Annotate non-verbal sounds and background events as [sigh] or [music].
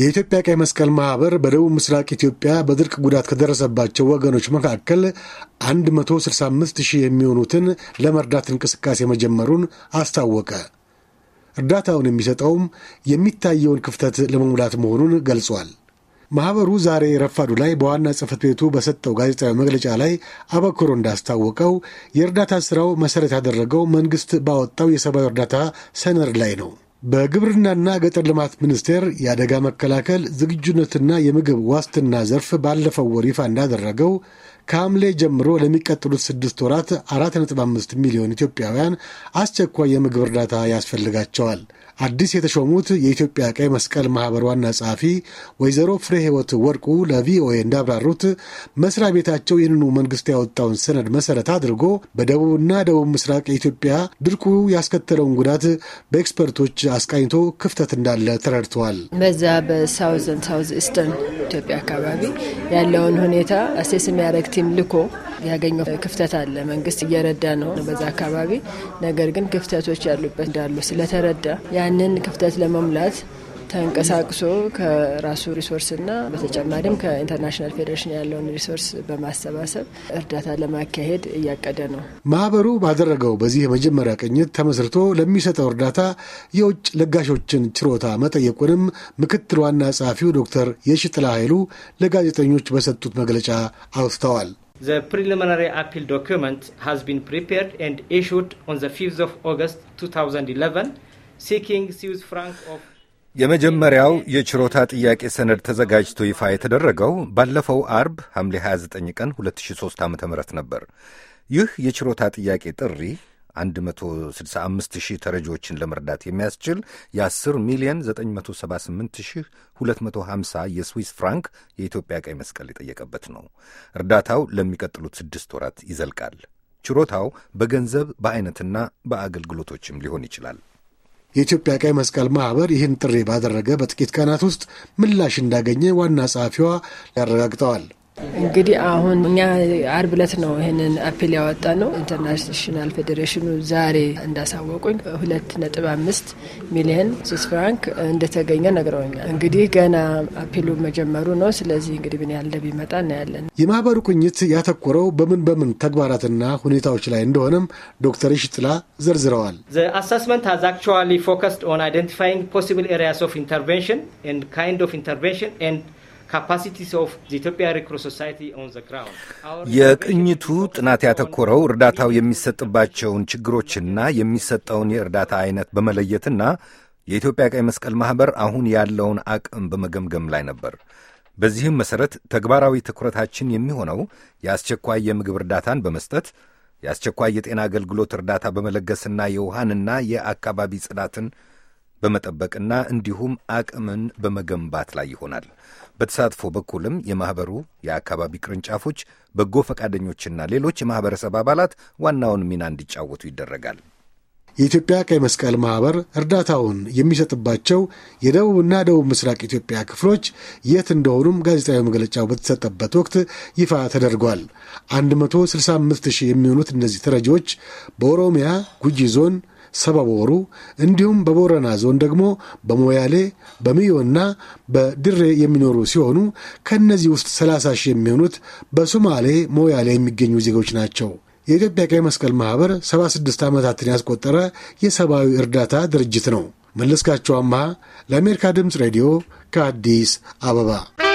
የኢትዮጵያ ቀይ መስቀል ማህበር በደቡብ ምስራቅ ኢትዮጵያ በድርቅ ጉዳት ከደረሰባቸው ወገኖች መካከል 165 ሺህ የሚሆኑትን ለመርዳት እንቅስቃሴ መጀመሩን አስታወቀ። እርዳታውን የሚሰጠውም የሚታየውን ክፍተት ለመሙላት መሆኑን ገልጿል። ማህበሩ ዛሬ ረፋዱ ላይ በዋና ጽሕፈት ቤቱ በሰጠው ጋዜጣዊ መግለጫ ላይ አበክሮ እንዳስታወቀው የእርዳታ ሥራው መሠረት ያደረገው መንግሥት ባወጣው የሰብአዊ እርዳታ ሰነድ ላይ ነው። በግብርናና ገጠር ልማት ሚኒስቴር የአደጋ መከላከል ዝግጁነትና የምግብ ዋስትና ዘርፍ ባለፈው ወር ይፋ እንዳደረገው ከሐምሌ ጀምሮ ለሚቀጥሉት ስድስት ወራት አራት ነጥብ አምስት ሚሊዮን ኢትዮጵያውያን አስቸኳይ የምግብ እርዳታ ያስፈልጋቸዋል። አዲስ የተሾሙት የኢትዮጵያ ቀይ መስቀል ማህበር ዋና ጸሐፊ ወይዘሮ ፍሬ ህይወት ወርቁ ለቪኦኤ እንዳብራሩት መስሪያ ቤታቸው ይህንኑ መንግስት ያወጣውን ሰነድ መሰረት አድርጎ በደቡብና ደቡብ ምስራቅ የኢትዮጵያ ድርቁ ያስከተለውን ጉዳት በኤክስፐርቶች አስቃኝቶ ክፍተት እንዳለ ተረድተዋል። በዛ በሳውዘን ሳውዝ ኢስተርን ኢትዮጵያ አካባቢ ያለውን ሁኔታ አሴስ ቲም ልኮ ያገኘው ክፍተት አለ። መንግስት እየረዳ ነው በዛ አካባቢ። ነገር ግን ክፍተቶች ያሉበት እንዳሉ ስለተረዳ ያንን ክፍተት ለመሙላት ተንቀሳቅሶ ከራሱ ሪሶርስ እና በተጨማሪም ከኢንተርናሽናል ፌዴሬሽን ያለውን ሪሶርስ በማሰባሰብ እርዳታ ለማካሄድ እያቀደ ነው። ማህበሩ ባደረገው በዚህ የመጀመሪያ ቅኝት ተመስርቶ ለሚሰጠው እርዳታ የውጭ ለጋሾችን ችሮታ መጠየቁንም ምክትል ዋና ጸሐፊው ዶክተር የሽጥላ ኃይሉ ለጋዜጠኞች በሰጡት መግለጫ አውስተዋል። The preliminary appeal document has been prepared and issued on the 5th of August 2011 seeking Swiss franc of የመጀመሪያው የችሮታ ጥያቄ ሰነድ ተዘጋጅቶ ይፋ የተደረገው ባለፈው አርብ ሐምሌ 29 ቀን 2003 ዓ ም ነበር። ይህ የችሮታ ጥያቄ ጥሪ 165 ሺህ ተረጂዎችን ለመርዳት የሚያስችል የ10 ሚሊዮን 978250 የስዊስ ፍራንክ የኢትዮጵያ ቀይ መስቀል የጠየቀበት ነው። እርዳታው ለሚቀጥሉት ስድስት ወራት ይዘልቃል። ችሮታው በገንዘብ በአይነትና በአገልግሎቶችም ሊሆን ይችላል። የኢትዮጵያ ቀይ መስቀል ማህበር ይህን ጥሪ ባደረገ በጥቂት ቀናት ውስጥ ምላሽ እንዳገኘ ዋና ጸሐፊዋ ያረጋግጠዋል። እንግዲህ አሁን እኛ አርብ ዕለት ነው ይህንን አፒል ያወጣ ነው። ኢንተርናሽናል ፌዴሬሽኑ ዛሬ እንዳሳወቁኝ ሁለት ነጥብ አምስት ሚሊየን ስዊስ ፍራንክ እንደተገኘ ነግረውኛል። እንግዲህ ገና አፒሉ መጀመሩ ነው። ስለዚህ እንግዲህ ምን ያለ ቢመጣ እናያለን። የማህበሩ ቅኝት ያተኮረው በምን በምን ተግባራትና ሁኔታዎች ላይ እንደሆነም ዶክተር ሽጥላ ዘርዝረዋል። ዘ አሰስመንት ሃዝ አክቹዋሊ ፎከስድ ኦን አይደንቲፋይንግ ፖሲብል ኤሪያስ ኦፍ ኢንተርቬንሽን ኤንድ ካይንድ ኦፍ ኢንተርቬንሽን ኤንድ [laughs] የቅኝቱ ጥናት ያተኮረው እርዳታው የሚሰጥባቸውን ችግሮችና የሚሰጠውን የእርዳታ አይነት በመለየትና የኢትዮጵያ ቀይ መስቀል ማኅበር አሁን ያለውን አቅም በመገምገም ላይ ነበር። በዚህም መሠረት ተግባራዊ ትኩረታችን የሚሆነው የአስቸኳይ የምግብ እርዳታን በመስጠት የአስቸኳይ የጤና አገልግሎት እርዳታ በመለገስና የውሃንና የአካባቢ ጽዳትን በመጠበቅና እንዲሁም አቅምን በመገንባት ላይ ይሆናል። በተሳትፎ በኩልም የማኅበሩ የአካባቢ ቅርንጫፎች፣ በጎ ፈቃደኞችና ሌሎች የማኅበረሰብ አባላት ዋናውን ሚና እንዲጫወቱ ይደረጋል። የኢትዮጵያ ቀይ መስቀል ማኅበር እርዳታውን የሚሰጥባቸው የደቡብና ደቡብ ምስራቅ ኢትዮጵያ ክፍሎች የት እንደሆኑም ጋዜጣዊ መግለጫው በተሰጠበት ወቅት ይፋ ተደርጓል። 165 ሺህ የሚሆኑት እነዚህ ተረጂዎች በኦሮሚያ ጉጂ ዞን ሰበቦሩ እንዲሁም በቦረና ዞን ደግሞ በሞያሌ በሚዮና በድሬ የሚኖሩ ሲሆኑ ከእነዚህ ውስጥ 30 ሺህ የሚሆኑት በሶማሌ ሞያሌ የሚገኙ ዜጎች ናቸው። የኢትዮጵያ ቀይ መስቀል ማኅበር 76 ዓመታትን ያስቆጠረ የሰብአዊ እርዳታ ድርጅት ነው። መለስካቸው አምሃ ለአሜሪካ ድምፅ ሬዲዮ ከአዲስ አበባ